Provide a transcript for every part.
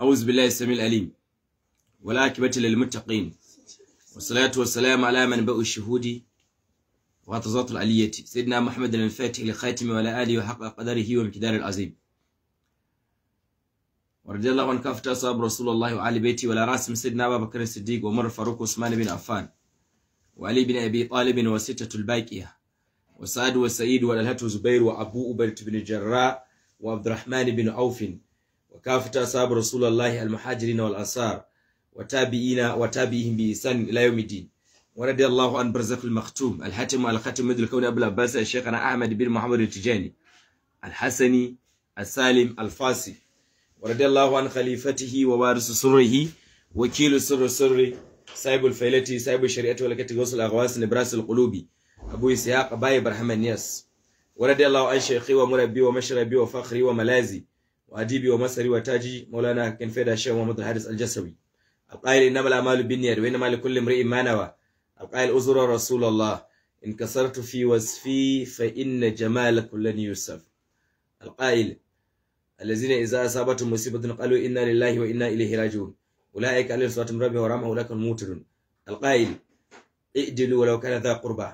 أعوذ بالله السميع العليم والعاقبة للمتقين والصلاة والسلام على من بقوا الشهود وعطزات العلية سيدنا محمد الفاتح لخاتم وعلى آله وحق قدره وامتدار العظيم ورد الله عن كافة أصحاب رسول الله وعلى بيتي وعلى راسم سيدنا أبا بكر الصديق ومر فاروق وعثمان بن عفان وعلي بن أبي طالب وستة الباكية وسعد وسعيد والهة زبير وأبو أبرت بن الجراء وعبد الرحمن بن عوف wa kafata sabu rasulullahi almuhajirin wal ansar wa tabi'ina wa tabi'ihim bi ihsan ila yawmiddin wa radiyallahu an barzakh al maktum al hatim al khatim madul kawn abul al shaykh ahmad bin muhammad al tijani al hasani al salim al fasi wa radiyallahu an khalifatihi wa waris sirrihi wakil sirri sirri sahib al failati sahib abu ishaq bayi barhaman yas ورضي الله عن شيخي ومربي ومشربي وفخري وملاذي وأديبي ومسري وتاجي مولانا كان فيدا الشيخ محمد الحارس الجسوي القائل إنما الأعمال بالنير وإنما لكل امرئ ما نوى القائل أزر رسول الله إن كسرت في وصفي فإن جمالك لن يوسف القائل الذين إذا أصابتهم مصيبة قالوا إنا لله وإنا إليه راجعون أولئك عليهم صلاة ربي ورحمة أولئك الموترون القائل اعدلوا ولو كان ذا قربى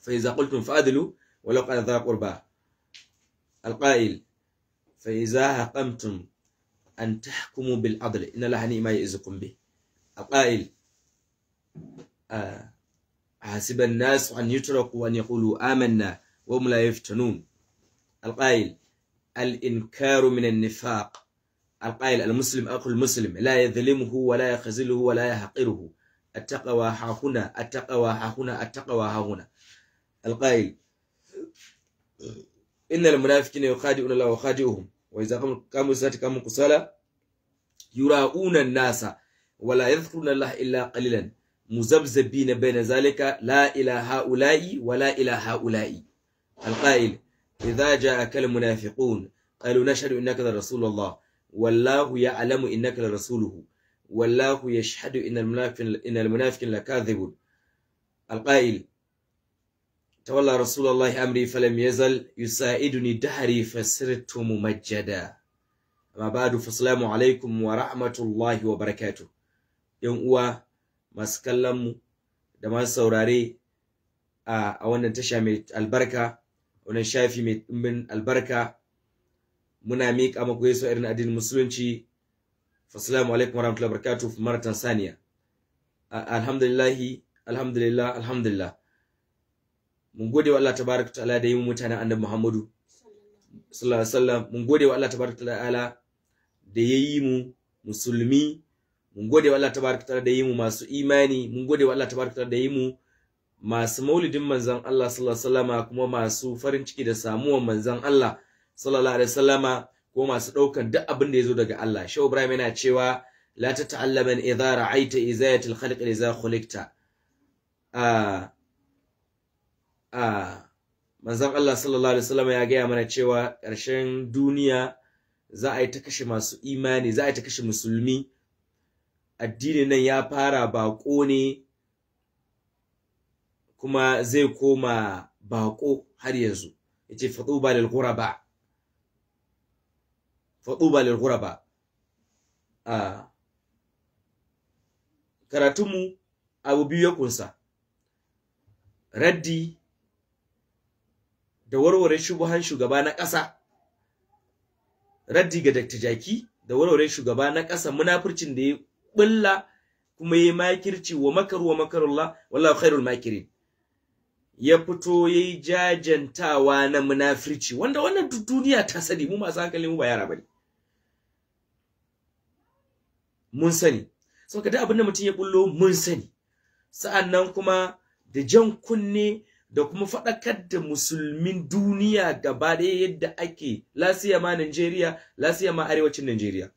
فإذا قلتم فأدلوا ولو كان ذا قربى القائل فإذا حكمتم أن تحكموا بالعدل إن الله نعم ما يعظكم به القائل آه، حسب الناس أن يتركوا أن يقولوا آمنا وهم لا يفتنون القائل الإنكار من النفاق القائل المسلم أقول المسلم لا يظلمه ولا يخزله ولا يحقره التقوى ها هنا التقوى ها هنا التقوى ها هنا القائل innal munafiqina yukhadi'una Allah wa khadi'uhum wa idza qamu sati qamu kusala yura'una an-nasa wa la yadhkuruna Allah illa qalilan muzabzabina bayna zalika la ila ha'ula'i wa la ila ha'ula'i al-qa'il idza ja'aka al-munafiqun qalu nashhadu innaka rasulullah wallahu ya'lamu innaka rasuluhu والله يشهد إن المنافقين إن المنافقين لكاذبون القائل tawalla rasulullahi amri falam yazal yusaiduni dahri fasirtu mumajjada amma ba'du fasalamu alaikum wa rahmatullahi wa barakatuh yan uwa masu kallon mu da masu saurare a wannan tasha mai albarka wannan shafi mai dimbin albarka muna miƙa muku gaisuwa irin addinin musulunci fasalamu alaikum wa rahmatullahi wa barakatuh mara Tanzania alhamdulillah alhamdulillah alhamdulillah mun gode wa Allah tabaraka ta'ala da yi mu mutanen annabi Muhammadu sallallahu alaihi wasallam mun gode wa Allah tabaraka ta'ala da yayi mu musulmi mun gode wa Allah tabaraka ta'ala da yi mu masu imani mun gode wa Allah tabaraka ta'ala da yi mu masu maulidin manzon Allah sallallahu alaihi wasallama kuma masu farin ciki da samuwar manzon Allah sallallahu alaihi wasallama ko masu daukan duk abin da yazo daga Allah Shehu Ibrahim yana cewa la tata'allaman idza ra'aita izayatil khalqi idza khuliqta ah a manzan Allah sallallahu alaihi wasallam ya gaya mana cewa ƙarshen duniya za a yi ta kashe masu imani za a yi ta kashe musulmi addinin nan ya fara baƙo ne kuma zai koma baƙo har yanzu yace fatuba lil ghuraba fatuba lil ghuraba a karatunmu abu biyu ya kunsa raddi da warware shubuhan shugaba na ƙasa raddi ga Dr. Jaki da warware shugaba na ƙasa munafurcin da ya bulla kuma ya makirci wa makaru wa makarullah wallahi khairul makirin ya fito yayi jajantawa na munafirci wanda wannan duniya ta sani mu masu hankali mu ba yara bane mun sani saboda abin da mutum ya bullo mun sani sa'annan kuma da jan kunne da kuma faɗakar da musulmin duniya gaba ɗaya yadda ake lasiya ma Najeriya lasiya ma arewacin Najeriya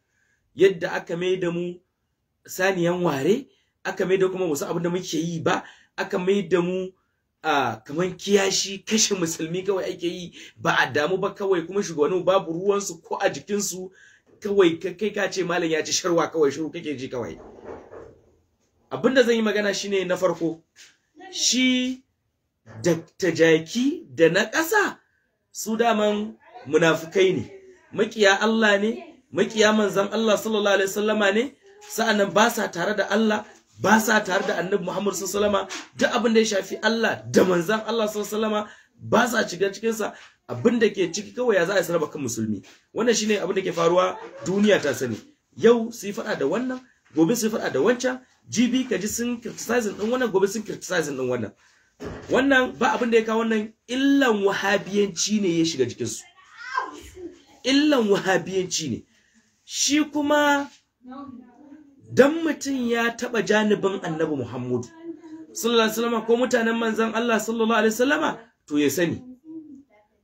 yadda aka mai da mu saniyan ware aka mai da kuma wasu abin da muke yi ba aka mai da mu a kaman kiyashi kashe musulmi kawai ake yi ba a damu ba kawai kuma shugabannin babu ruwansu ko a jikinsu kawai kai ka ce malam ya ci sharwa kawai shiru kake ji kawai abinda zan yi magana shine na farko shi Dakta jaki da na ƙasa su daman munafukai ne makiya Allah ne makiya manzan Allah sallallahu alaihi wasallama ne sa'annan ba sa tare da Allah ba sa tare da Annabi Muhammad sallallahu alaihi wasallama duk abin da ya shafi Allah da manzan Allah sallallahu alaihi wasallama ba sa shiga cikin sa abin da ke ciki kawai ya za a sarrafa kan musulmi wannan shine abin da ke faruwa duniya ta sani yau su yi faɗa da wannan gobe su yi faɗa da wancan jibi ka ji sun criticizing din wannan gobe sun criticizing din wannan wannan ba abin da ya kawo wannan illan wahabiyanci ne ya shiga jikinsu illan wahabiyanci ne shi kuma dan mutum ya taba janibin annabi muhammadu sallallahu alaihi wasallam ko mutanen manzon Allah sallallahu alaihi wasallama to ya sani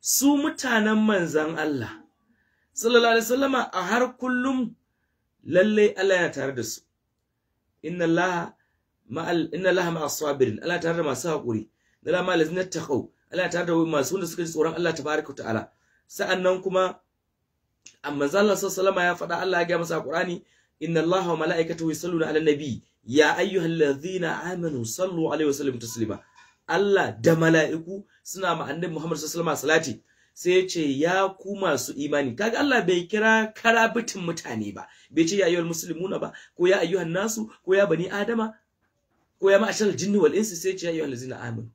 su mutanen manzan Allah sallallahu alaihi wasallama a har kullum lalle Allah yana tare da su inna Allah inna laha ma'as sabirin Allah tare da masu hakuri da la ma'al taqaw Allah tare da masu wanda suka ji tsoron Allah tabaraka ta'ala sa'annan kuma amma zalla sallallahu ya faɗa Allah ya ga masa Qur'ani inna Allaha wa mala'ikatahu yusalluna 'alan nabi ya ayyuhalladhina amanu sallu 'alaihi wa sallimu taslima Allah da mala'iku suna ma annabi Muhammad sallallahu alaihi salati sai ya ce ya ku masu imani kaga Allah bai kira karabitin mutane ba bai ce ya ayyuhal muslimuna ba ko ya ayyuhan nasu ko ya bani adama ko ya ma'ashar jinni wal insi sai ce ya ayyuhal ladzina amanu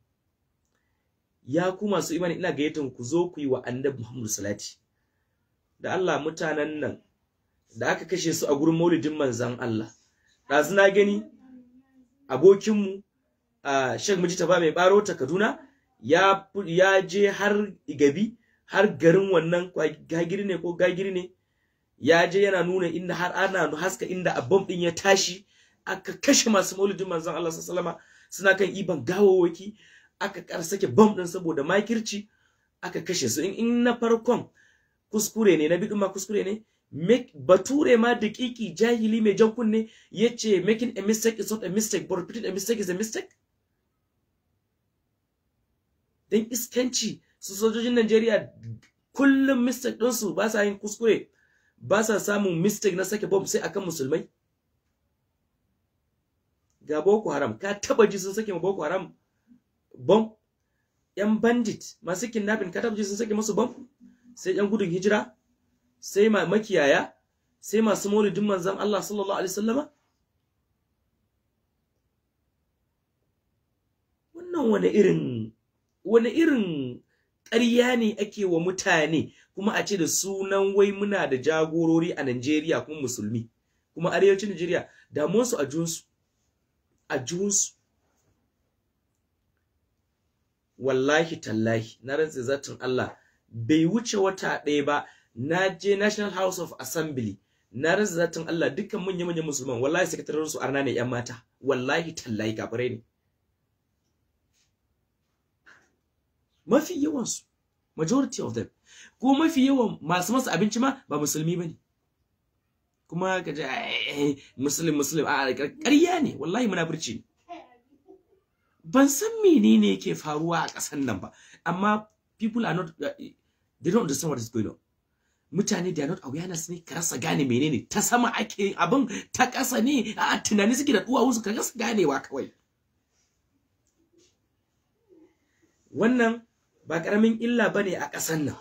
ya ku masu imani ina gayyatan ku zo ku yi wa annabi Muhammad salati da Allah mutanen nan da aka kashe su a gurin maulidin manzan Allah ɗazu na gani abokinmu a Sheikh Mujita ba mai baro ta Kaduna ya je har Igabi har garin wannan gagiri ne ko gagiri ne ya je yana nuna inda har ana haska inda abban din ya tashi aka kashe masu maulidin manzon Allah sallama suna kan iban gawawaki aka karsake bom din saboda makirci aka kashe su in na farkon kuskure ne na bidin ma kuskure ne Make bature ma da kiki jahili mai jan kunne yace making a mistake is not a mistake but repeating a mistake is a mistake dan iskanci su sojojin Najeriya kullum mistake su ba sa yin kuskure ba sa samun mistake na sake bomb sai akan musulmai ga boko haram ka taba ji sun sake ma boko haram bom yan bandit masu kidnapping ka taba ji sun sake masu bom sai yan gudun hijira sai ma makiyaya sai masu maulidin manzon Allah sallallahu alaihi wasallama wannan wani irin wani irin ƙarya ne ake wa mutane kuma a ce da sunan wai muna da jagorori a Najeriya kuma musulmi kuma arewacin Najeriya damuwarsu a junsu a junsu wallahi tallahi na rantsi zatin Allah bai wuce wata ɗaya ba na je National House of Assembly na rantsi zatin Allah dukkan manyan manyan musulman wallahi sakataren su arna ne yan mata wallahi tallahi kafirai ne mafi yawan su majority of them ko mafi yawan masu masu abinci ma ba musulmi bane kuma ka ji eh, muslim muslim a ƙarya ne wallahi muna burci ban san menene yake faruwa a ƙasar nan ba amma people are not they don't understand what is going on mutane da are not awareness ne ka rasa gane menene ta sama ake abin ta ƙasa ne a tunani suke da duwawu wasu ka rasa ganewa kawai wannan ba ƙaramin illa bane a ƙasar nan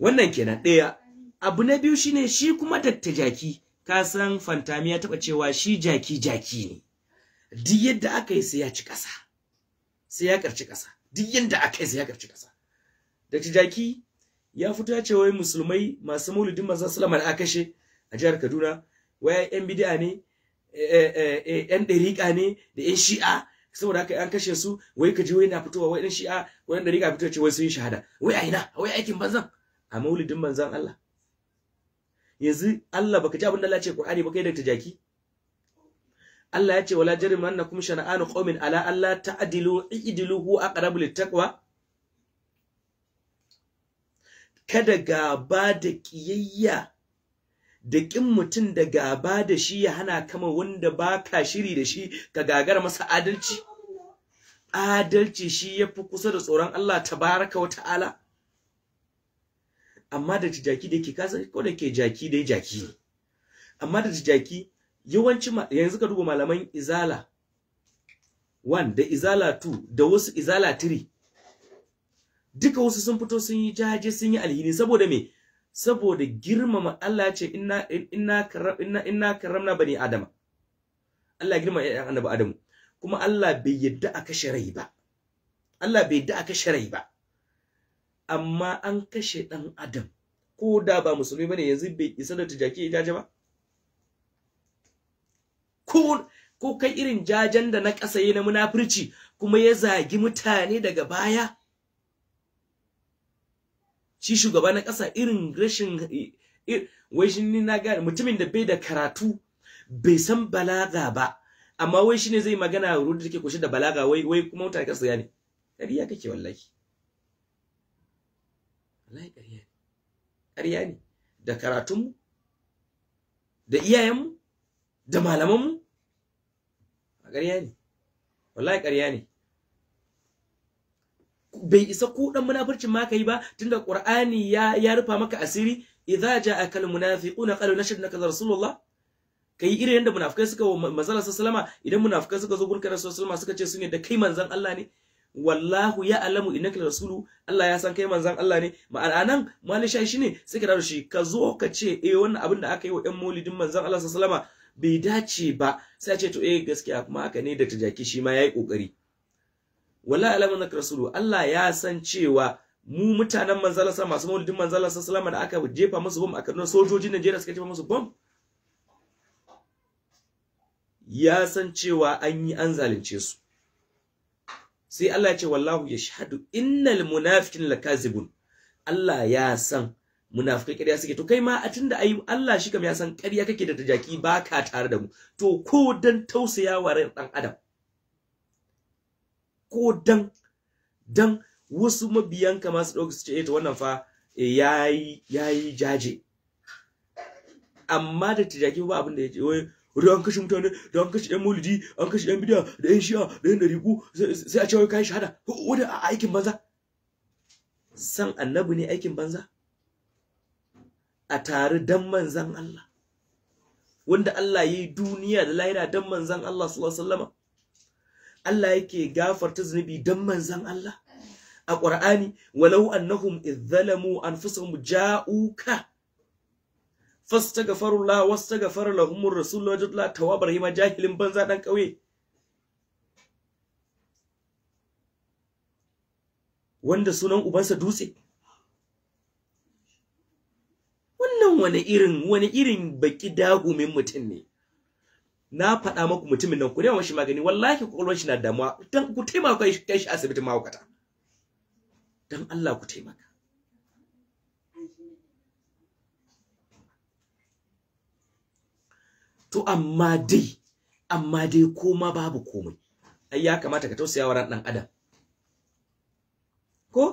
wannan kenan ɗaya abu na biyu shine shi kuma dakta jaki ka san fantami ya taba cewa shi jaki jaki ne duk yadda aka yi sai ya ci ƙasa sai ya karci ƙasa duk yadda aka yi sai ya karci ƙasa dakta jaki ya fito ya ce wai musulmai masu maulidin manzon sallama da aka kashe a jihar Kaduna waye yan bid'a ne eh, eh, eh, yan dariqa ne da yan shi'a saboda haka an kashe su wai kaji wai na fitowa wai dan shi'a wai dan dariƙa fitowa ce wai sun yi shahada wai a ina wai aikin banzan a maulidin manzon Allah yanzu Allah baka ji abin da Allah ce Qur'ani ba kai da tajaki Allah ya ce wala jarim annakum shana'an qaumin ala alla ta'dilu i'dilu huwa aqrabu taqwa kada gaba da kiyayya da kin mutun da gaba da shi ya hana kama wanda baka shiri da shi ka gagar masa adalci adalci shi yafi kusa da tsoron Allah tabaraka wa ta'ala amma da jaki da yake kasa ko da ke jaki dai jaki ne amma da jaki yawanci yanzu ka duba malaman izala 1 da izala 2 da wasu izala 3 duka wasu sun fito sun yi jaje sun yi alhini saboda me saboda girmama Allah ce inna inna inna inna karamna bani adama Allah ya girmama annabi adamu kuma Allah bai yadda aka sharai ba Allah bai yadda aka sharai ba amma an kashe ɗan adam ko da ba musulmi bane yanzu bai isa da tijaki ya jaje ba ko kai irin jajen da na ƙasa yi na munafurci kuma ya zagi mutane daga baya shi shugaba na ƙasa irin rashin wai shi ne na gane mutumin da bai da karatu bai san balaga ba amma wai shi ne zai magana rudi take kushe da balaga wai kuma mutane ƙasa ne kariya kake wallahi wallahi ƙarya ne ƙarya ne da karatunmu da iyayenmu da malamanmu a ƙarya ne wallahi ƙarya ne bai isa ko dan munafircin ma kai ba tunda qur'ani ya ya rufa maka asiri idza ja'aka na munafiquna qalu nashhadu annaka rasulullah kai irin yanda munafikai suka wa manzon sallama idan munafikai suka zo gurka rasul sallama suka ce sun yadda kai manzon Allah ne wallahu ya alamu inaka rasulu Allah ya san kai manzan Allah ne ma'ana nan malisha shi ne sai ka dawo shi ka zo ka ce eh wannan abin da aka yi wa ɗan maulidin manzan Allah sallallahu alaihi bai dace ba sai a ce to eh gaskiya kuma haka ne da tajaki shi ma yayi kokari wallahi alamu inaka rasulu Allah ya san cewa mu mutanen manzan Allah masu maulidin manzan Allah sallallahu alaihi da aka jefa musu bom a Kaduna sojojin Najeriya suka jefa musu bom ya san cewa an yi an zalunce su sai Allah ya ce wallahu yashhadu innal munafiqina lakazibun Allah ya san munafikai ƙarya suke to kai ma a tunda ayi Allah shi kam ya san ƙarya kake da tajaki ba ka tare da mu to ko dan tausaya wa ran dan adam ko dan dan wasu mabiyan ka masu dauki su ce eh to wannan fa eh, yayi yayi jaje amma da tajaki ba abin da yake wato an kashe mutane da an kashe yan maulidi an kashe yan bidiya da yan shi'a da yan dariku sai a cewa kai shahada wanda a aikin banza san annabi ne aikin banza a tare dan manzan Allah wanda Allah ya yi duniya da lahira dan manzan Allah sallallahu alaihi wasallam Allah yake gafarta zunubi dan manzan Allah a Qur'ani walau annahum mu anfusahum ja'uka fastaghfirullah wastaghfar lahumur rasul wajadla tawab rahima jahilin banza dan kauye wanda sunan ubansa dutse wannan wani irin wani irin baki dagumin mutum ne na faɗa maku mutumin nan ku dawo shi magani wallahi kokolwan shi na damuwa dan ku taimaka kai shi asibiti mawukata dan Allah ku taimaka to amma dai amma dai koma babu komai ai ya kamata ka tausaya wa ran dan adam ko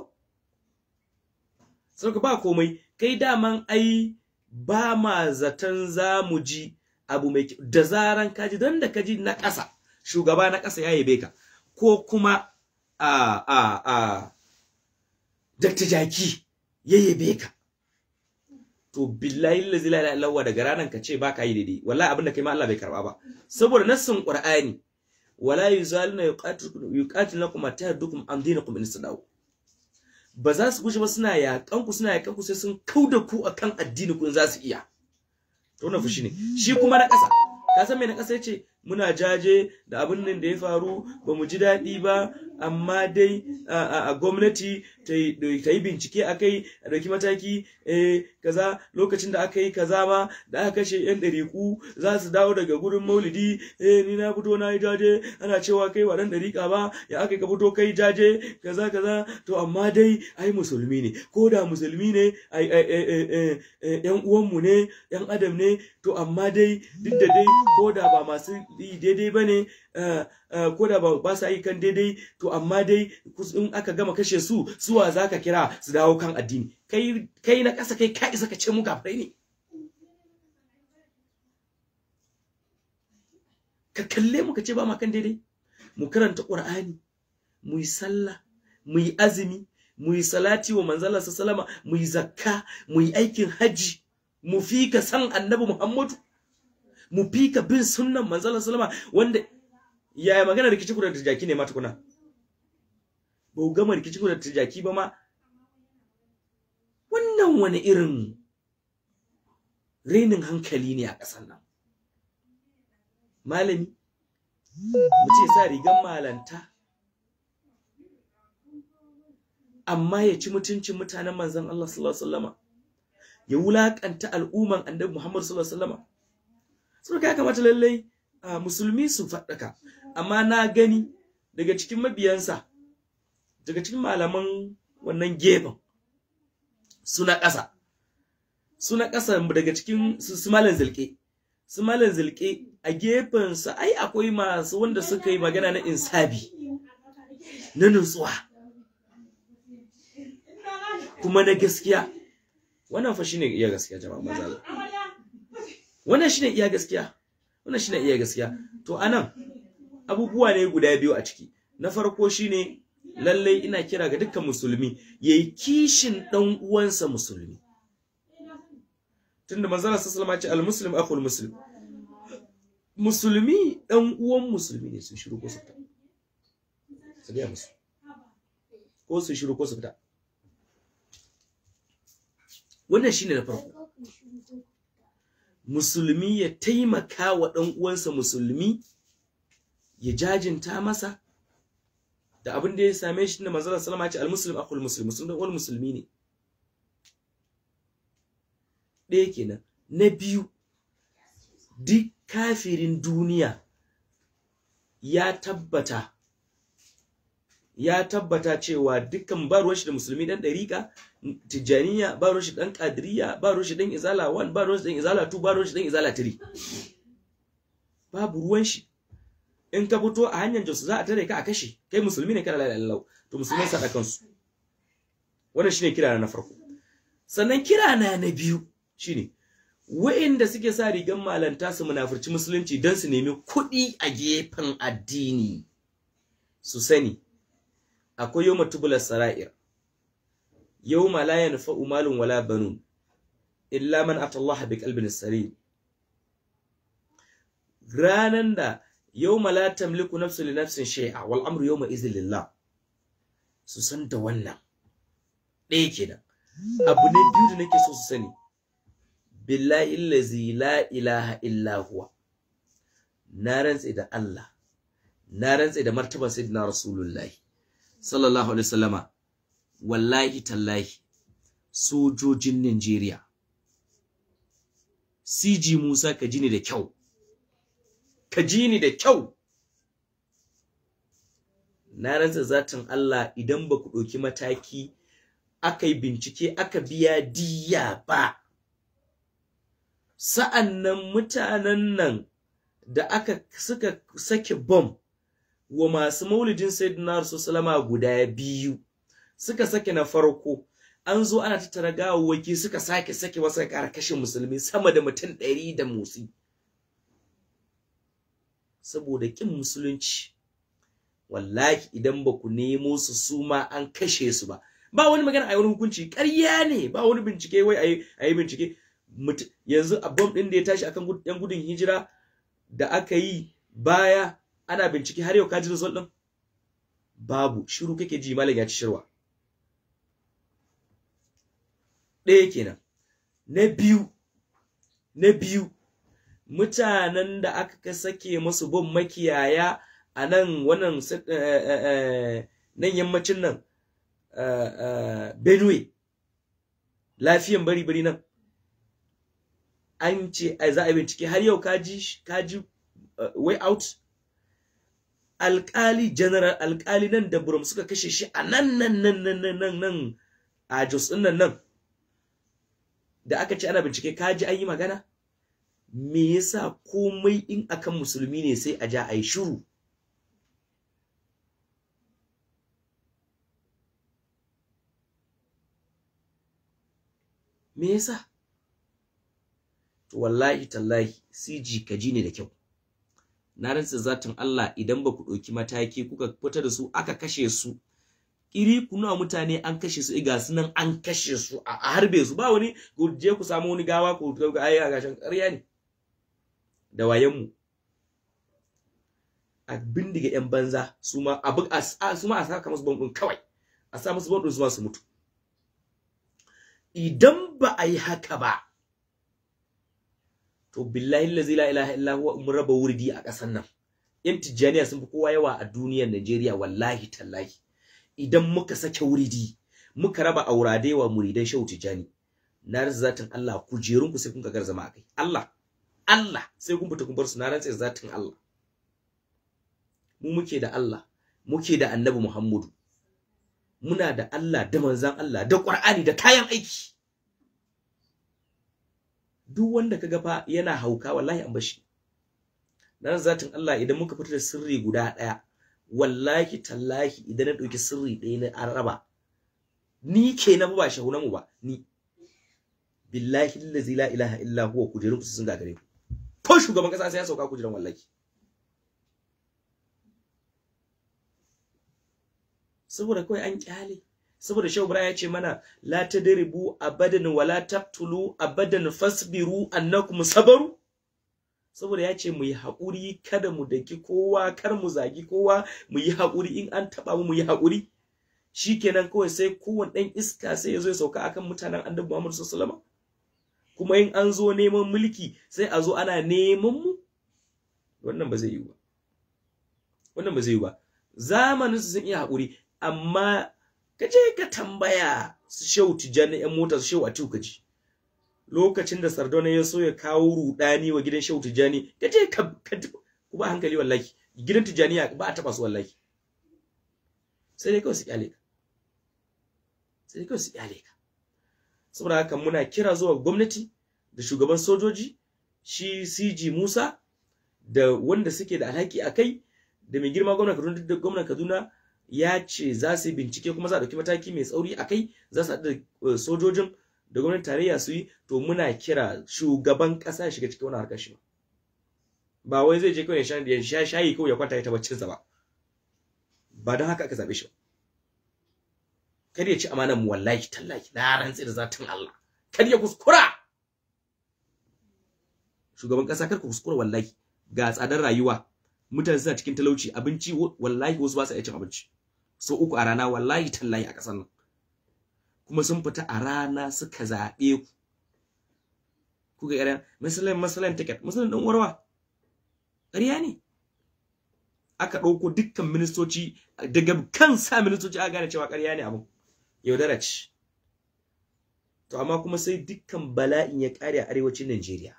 sauka ba komai kai daman ai ba ma zaton za mu ji abu mai da zaran kaji dan da ka ji na ƙasa shugaba na ƙasa ya beka ko kuma a a a Dr. jaki ya yabe ka to billahi lazi la ilaha daga ranan ka ce baka yi daidai wallahi abinda kai ma Allah bai karba ba saboda nassin qur'ani wala yuzalna yuqatilukum hatta yadukum an dinakum in sadaw ba za su gushe ba suna yakan ku suna yakan ku sai sun kauda ku akan addini ku in za su iya to wannan fushi ne shi kuma na ƙasa ka san me na ƙasa yace muna jaje da abin nan da ya faru ba mu ji daɗi ba amma dai a gwamnati ta yi bincike a kai a ɗauki mataki eh, kaza lokacin da aka yi kaza ma da aka kashe yan ɗariƙu za su dawo daga gudun maulidi eh, ni na fito na yi jaje ana cewa kai wa ɗan ɗariƙa ba ya aka ka fito kai jaje kaza kaza to amma dai ai musulmi ne ko da musulmi ne yan uwanmu ne yan adam ne to amma dai duk da dai ko da ba masu daidai ba ne eh, eh, ko da ba su yi kan daidai to amma dai in aka gama kashe su suwa za ka kira su dawo kan addini kai na ƙasa kai ka isa ka ce mu kafirai ne ka kalle mu ka ce ba ma kan daidai mu karanta ƙur'ani mu yi sallah mu yi azumi mu yi salati wa manzala sallama mu yi zakka mu yi aikin haji mu fi ka san annabi muhammadu mu fika bin sunnan manzon sallama wanda yaya magana rikici ku da tijaki ne ma tukuna ba ku gama rikici ku da tijaki ba ma wannan wani irin renin hankali ne a ƙasar nan malami mu ce sa rigan malanta amma ya ci mutuncin mutanen manzon Allah sallallahu alaihi wasallama ya wulakanta al'umman annabi Muhammad sallallahu alaihi wasallama sun ka kamata lallai musulmi su faɗaka amma na gani daga cikin mabiyansa daga cikin malaman wannan gefen suna ƙasa suna ƙasa daga cikin su malam zilke su malam zilke a gefensa ai akwai masu wanda suka yi magana na insabi na nutsuwa kuma na gaskiya wannan fa shine iya gaskiya jama'a maza wannan shine iya gaskiya wannan shine iya gaskiya to anan abubuwa ne guda biyu a ciki na farko shine lallai ina kira ga dukkan musulmi yayi kishin dan uwansa musulmi tunda manzon sallallahu alaihi wasallam ce al-muslim akhul muslim musulmi dan uwan musulmi ne sun shiru ko su fita su biya musu ko su shiru ko su fita wannan shine na farko musulmi ya taimaka wa ɗan uwansa musulmi ya jajinta masa da abin da ya same shi da manzon sallama ce al-muslim akhul muslim musulmi ne ɗaya kenan na biyu duk kafirin duniya ya tabbata ya tabbata cewa dukkan ba ruwan shi da musulmi dan dariqa tijaniya ba ruwan shi dan kadiriya ba ruwan shi dan izala 1 ba ruwan shi dan izala 2 ba ruwan shi dan izala 3 babu ruwan shi in ka fito a hanyar jinsu za a tare ka a kashe kai musulmi ne kana illallah to musulmai sada kansu wannan shine kira na farko sannan kira na na biyu shine wa'inda suke sa rigan malanta su munafurci musulunci don su nemi kuɗi a gefen addini su sani akwai yawma tubular sara'ir yawma la fa'u malun wala banu illa man ata Allah bi kalbin sari ranan da yawma la tamliku nafsu li nafsin shay'a wal amru yawma idhin lillah su san da wannan ɗaya kenan abu ne biyu da nake so su sani billahi allazi la ilaha illa huwa na rantse da Allah na rantse da martaban sayyidina rasulullahi sallallahu alaihi wasallama wallahi tallahi sojojin Najeriya Siji Musa ka ji ni da kyau ka ji ni da kyau na rantsa zatin Allah idan ba ku ɗauki mataki aka yi bincike aka biya diya ba sa'annan mutanen nan da aka suka sake bom wa masu maulidin sayyidina rasulullah guda biyu suka sake na farko an zo ana tattara gawawwaki suka sake sake wasu kara kashe musulmi sama da mutum ɗari da motsi saboda ƙin musulunci wallahi idan ba ku nemo su suma an kashe su ba ba wani magana a wani hukunci ƙarya ne ba wani bincike wai a yi bincike yanzu a bom ɗin da ya tashi akan yan gudun hijira da aka yi baya ana bincike har yau ka ji result din babu shiru kake ji malam ya ci shirwa ɗaya kenan na biyu na biyu mutanen da aka sake musu bin makiyaya a nan wannan eh, eh, eh, nan yammacin nan benue lafiyan bari-bari nan an ce za a bincike har yau kaji way out Alƙali general alkali nan da buram suka kashe shi a nan nan nan nan nan nan a jos nan nan da aka ci ana bincike kaji an yi magana me yasa komai in akan musulmi ne sai a ja a yi shiru me yasa to wallahi tallahi siji kaji ne da kyau na rantsa zatin Allah idan ba ku ɗauki mataki kuka fita da su aka kashe su iri kuna mutane an kashe su eh, ga su nan an kashe su a harbe su ba wani ku je ku samu wani gawa ku ga ai a gashin ƙarya ne da wayen mu a bindiga yan banza su ma a su ma a saka musu bombin kawai a sa musu bombin su ma su mutu idan ba a yi haka ba to billahi allazi la ilaha illa huwa mun raba a kasan nan yan tijjaniya sun fi kowa yawa a duniyar Najeriya wallahi tallahi idan muka sake wuridi muka raba aurade wa muridan shehu tijjani na zatin Allah kujerun ku sai kun kagar zama akai Allah Allah sai kun fita kun su na rantsa zatin Allah mu muke da Allah muke da Annabi Muhammadu muna da Allah da manzan Allah da Qur'ani da kayan aiki duk wanda ka fa yana hauka wallahi an bashi dan zatin Allah idan muka fitar da sirri guda daya wallahi tallahi idan na dauki sirri daya na araba ni kenan ba shi hunan mu ba ni billahi allazi la ilaha illa huwa kujerun sun gagare ku ko shugaban kasa sai ya sauka kujeran wallahi saboda kawai an kyale saboda shehu ibrahim ya ce mana la tadribu abadan wala taqtulu abadan fasbiru annakum Musabaru.' saboda ya ce mu yi haƙuri kada mu daki kowa kar mu zagi kowa muyi yi haƙuri in an taɓa mu muyi yi haƙuri shikenan kawai sai kowane ɗan iska sai ya zo ya sauka akan mutanen annabi Muhammad sallallahu alaihi kuma in an zo neman mulki sai a zo ana neman mu wannan ba zai yi ba wannan ba zai yi ba zamanin su sun iya haƙuri amma Kaje ka tambaya su shehu tijjani yan mota su shehu a tiyu kaji lokacin da sardona ya so ya kawo rudani wa gidan shehu tijjani kaje ka ku ba hankali wallahi gidan tijjani ba a taba su wallahi sai dai kawai su kyale ka sai dai kawai su kyale ka saboda haka muna kira zuwa gwamnati da shugaban sojoji shi CG Musa da wanda suke da alhaki a kai da mai girma gwamnan Kaduna da gwamnan Kaduna ya ce za su bincike kuma za a ɗauki mataki mai tsauri a kai za su haɗu da eh, sojojin da gwamnatin tarayya su yi to muna kira shugaban ƙasa ya shiga cikin wani harkar shi ba wai zai je kawai ya sha shayi kawai ya kwanta ya tabbacin ba ba don haka aka zaɓe shi ba kar ya ci amanar mu wallahi tallahi na rantsi da zatin Allah kar ya kuskura shugaban ƙasa kar ku kuskura wallahi ga tsadar rayuwa mutane suna cikin talauci abinci wallahi wasu ba su iya cin abinci so uku a rana wallahi tallahi a ƙasar nan kuma sun fita a rana suka zaɓe ku kuka ƙarya misalin misalin ticket misalin ɗan warwa ƙarya ne aka ɗauko dukkan ministoci daga kan sa ministoci aka gane cewa ƙarya ne abin yaudara ce to amma kuma sai dukkan bala'in ya ƙare a arewacin Najeriya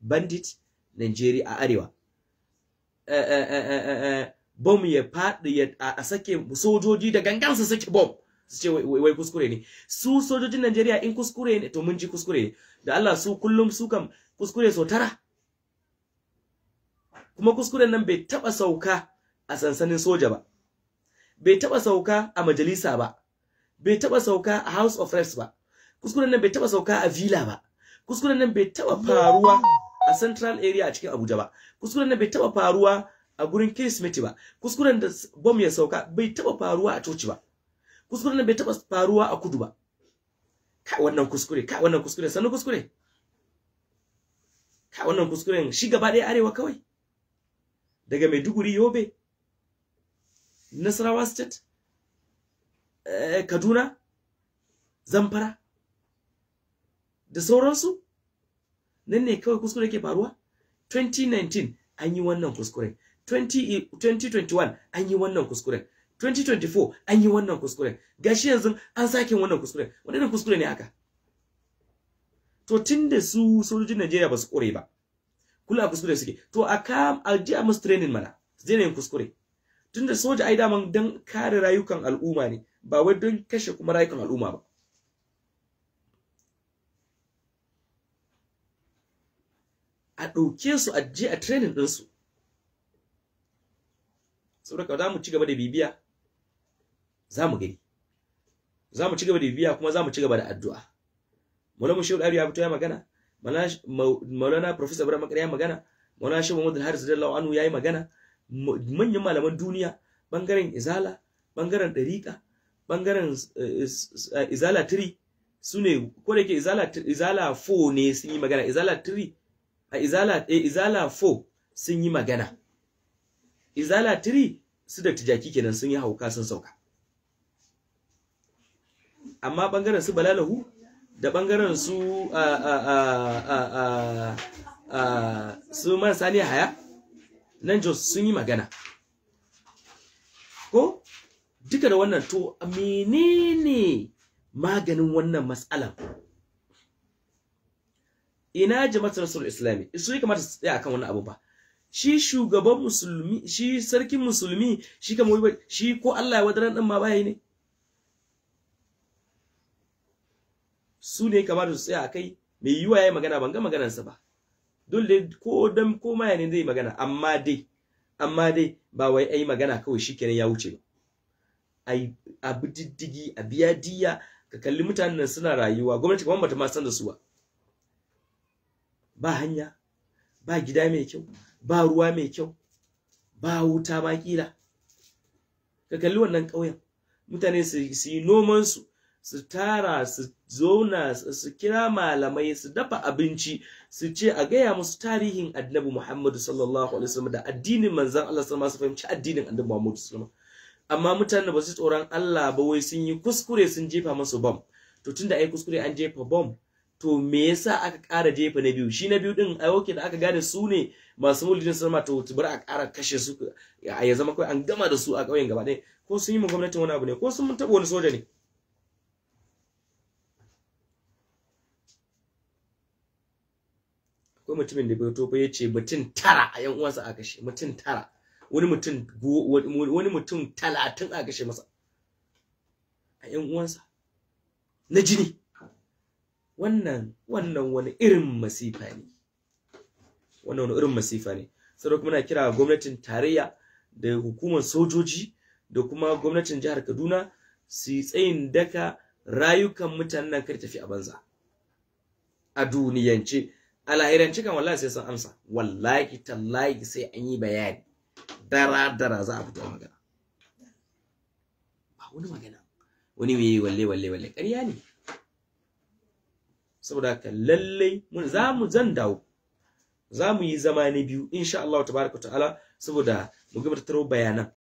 bandit Najeriya a arewa Eh, eh, eh, bom ya faɗi a sake sojoji da gangan su sake bom su ce wai kuskure ne su sojojin Najeriya in kuskure ne to mun ji kuskure da Allah su kullum su kam kuskure so tara kuma kuskure nan bai taba sauka a sansanin soja ba bai taba sauka a majalisa ba bai taba sauka a House of Reps ba Kuskure nan bai taba sauka a villa ba Kuskure nan bai taba faruwa a central area a cikin Abuja ba kuskuren nan bai taba faruwa a gurin Kirsimeti ba kuskuren da bom ya sauka bai taba faruwa a coci ba kuskuren nan bai taba faruwa a kudu ba kai wannan kuskure kai wannan kuskure sannu kuskure kai wannan kuskuren shi gaba ɗaya arewa kawai daga maiduguri yobe nasarawa state eh, kaduna zamfara da sauransu nan ne kawai kuskure ke faruwa 2019 an yi wannan kuskuren 2021 eh, an yi wannan kuskuren 2024 an yi wannan kuskuren gashi yanzu an sake wannan kuskuren wannan kuskure ne haka to tunda su sojojin Najeriya ba su kore ba kula kuskure suke to a kam a ji a musu training mana zai ne kuskure tunda soja ai daman dan kare rayukan al'umma ne ba wai don kashe kuma rayukan al'umma ba a ɗauke su a je a training ɗinsu saboda za mu ci gaba da bibiya za mu gani za mu ci gaba da bibiya kuma za mu ci gaba da addu'a Maulana Shehu Ɗari ya fito ya magana Maulana Professor Ibrahim Makar ya magana Maulana Shehu Muhammad Al-Haris Dallahu Anhu ya yi magana manyan malaman duniya bangaren Izala bangaren Ɗariƙa bangaren eh, eh, Izala 3 su ne ko da yake Izala 4 ne sun yi magana Izala 3 a izala a eh, izala 4 sun yi magana izala 3 su da tijaki kenan sun yi hauka sun sauka amma bangaren su balalahu da bangaren su a a a a a su marasa sani haya nan jos sun yi magana ko duka da wannan to menene maganin wannan matsalan ina jama'atul sul islami su yi kamata su tsaya akan wannan abu ba shi shugaban musulmi shi sarkin musulmi shi kamar shi ko Allah ya wadaran din ma baya ne su ne kamata su tsaya akai mai yiwa yayi magana ban ga maganarsa ba dole ko dan ko maya ne zai magana amma dai amma dai ba wai ai magana kawai shikenan ya wuce ba ai abu diddigi a biya diya ka kalli mutanen suna rayuwa gwamnati kamar bata ma san da su ba ba hanya ba gida mai kyau ba ruwa mai kyau ba wuta ma kila ka kalli wannan ƙauyen mutane su yi nomansu su tara su zauna su kira malamai su dafa abinci su ce a gaya musu tarihin annabi muhammadu sallallahu alaihi wasallam da addinin manzan allah sallama su fahimci addinin annabi muhammadu sallallahu amma mutane ba su tsoron allah ba wai sun yi kuskure sun jefa masu bom to tunda ai kuskure an jefa bom to me yasa aka ƙara jefa na biyu shi na biyu din ai okay da aka gane su ne masu mulkin sama to tubar a ƙara kashe su ya zama kawai an gama da su a ƙauyen gaba ɗaya ko sun yi ma gwamnatin wani abu ne ko sun mun taɓa wani soja ne akwai mutumin da bai tofa ya ce mutum tara a yan uwansa a kashe mutum tara wani mutum wani mutum talatin a kashe masa a yan uwansa na jini wannan wannan wani irin masifa ne wannan wani irin masifa ne sai kuma muna kira gwamnatin tarayya da hukumar sojoji da kuma gwamnatin jihar Kaduna su tsayin daka rayukan mutanen nan kar tafi a banza a duniyance a lahirance kan wallahi sai sun amsa wallahi tallahi sai an yi bayani dara dara za a fito magana ba wani magana wani mai walle walle walle ƙarya ne saboda lalle lallai za mu zan dawo za mu yi zama na biyu insha Allah tabaraka ta'ala saboda mu gabatar bayanan